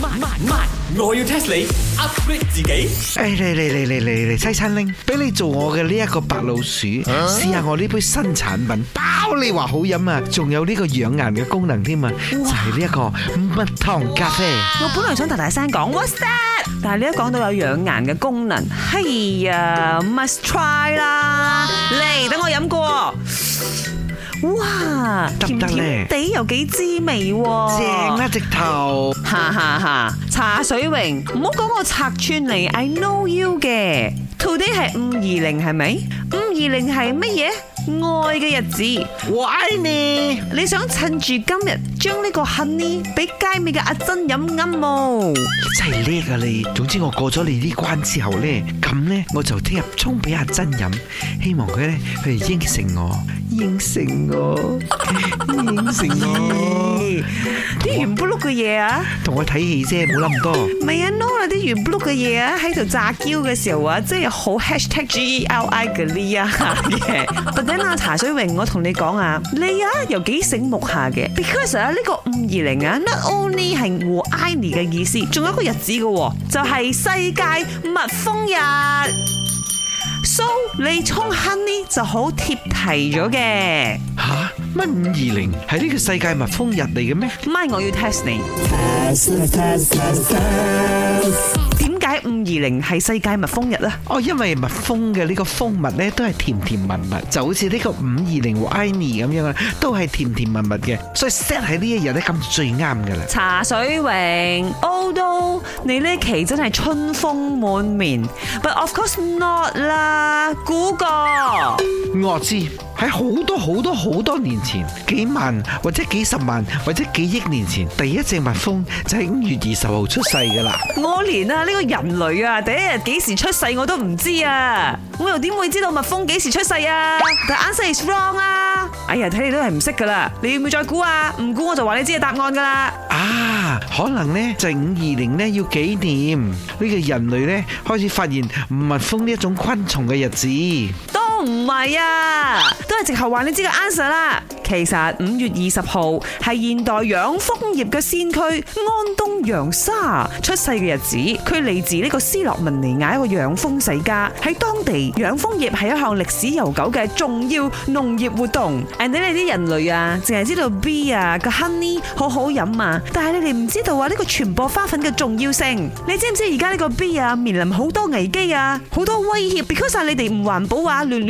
慢慢慢，我要 test 你 upgrade 自己。嚟嚟嚟嚟嚟嚟，西餐拎俾你做我嘅呢一個白老鼠，試下我呢杯新產品，包你話好飲啊！仲有呢個養顏嘅功能添啊！就係呢一個蜜糖咖啡。我本來想大大聲講，What's that？但係你一講到有養顏嘅功能，係啊，must try 啦！嚟，等我飲過。哇，得能 甜地又呢幾滋味，啊正好，正啦直頭，哈哈哈！茶水榮泳，唔好講我拆穿嚟、嗯、，I know you 嘅，到底係五二零係咪？五二零係乜嘢？愛嘅日子，我愛你。你想趁住今日將呢個 honey 俾街尾嘅阿珍飲啱冇？真係叻㗎你！總之我過咗你呢關之後咧，咁咧我就聽日沖俾阿珍飲，希望佢咧佢哋應承我。應承我，應承我，啲圓卜碌嘅嘢啊！同我睇戲啫，冇諗咁多。唔係啊，no 啊，啲圓卜碌嘅嘢啊，喺度詐嬌嘅時候啊，真係好 hashtag G L I 嘅呢啊！但係阿茶水榮，我同你講啊，你啊又幾醒目下嘅，because 啊呢個五二零啊，not only 係和 I 尼嘅意思，仲有一個日子嘅，就係、是、世界蜜蜂日。你充 honey 呢就好貼題咗嘅吓？乜五二零係呢個世界蜜蜂日嚟嘅咩？唔係，我要 test 你。點解五二零係世界蜜蜂日咧？哦，因為蜜蜂嘅呢個蜂蜜咧都係甜甜蜜蜜，就好似呢個五二零和 Ivy 咁樣啦，都係甜甜蜜蜜嘅，所以 set 喺呢一日咧咁最啱噶啦。茶水榮，好多。你呢期真係春風滿面，but of course not 啦，估過？我知喺好多好多好多年前，幾萬或者幾十萬或者幾億年前，第一隻蜜蜂就喺五月二十號出世噶啦。我連啊呢個人類啊第一日幾時出世我都唔知啊，我又點會知道蜜蜂幾時出世啊？但 answer is wrong 啊！哎呀，睇你都係唔識噶啦，你要唔要再估啊？唔估我就話你知嘅答案噶啦。啊！可能呢，就五二零呢要紀念呢，這個人類呢開始發現唔蜜蜂呢一種昆蟲嘅日子。唔係啊，都係直頭話你知個 answer 啦。其實五月二十號係現代養蜂業嘅先驅安東楊沙出世嘅日子。佢嚟自，呢個斯洛文尼亞一個養蜂世家。喺當地養蜂業係一項歷史悠久嘅重要農業活動。而你哋啲人類啊，淨係知道 b 啊個 honey 好好飲啊，但係你哋唔知道啊呢個傳播花粉嘅重要性。你知唔知而家呢個 b 啊面臨好多危機啊，好多威脅，because 晒你哋唔環保啊，亂。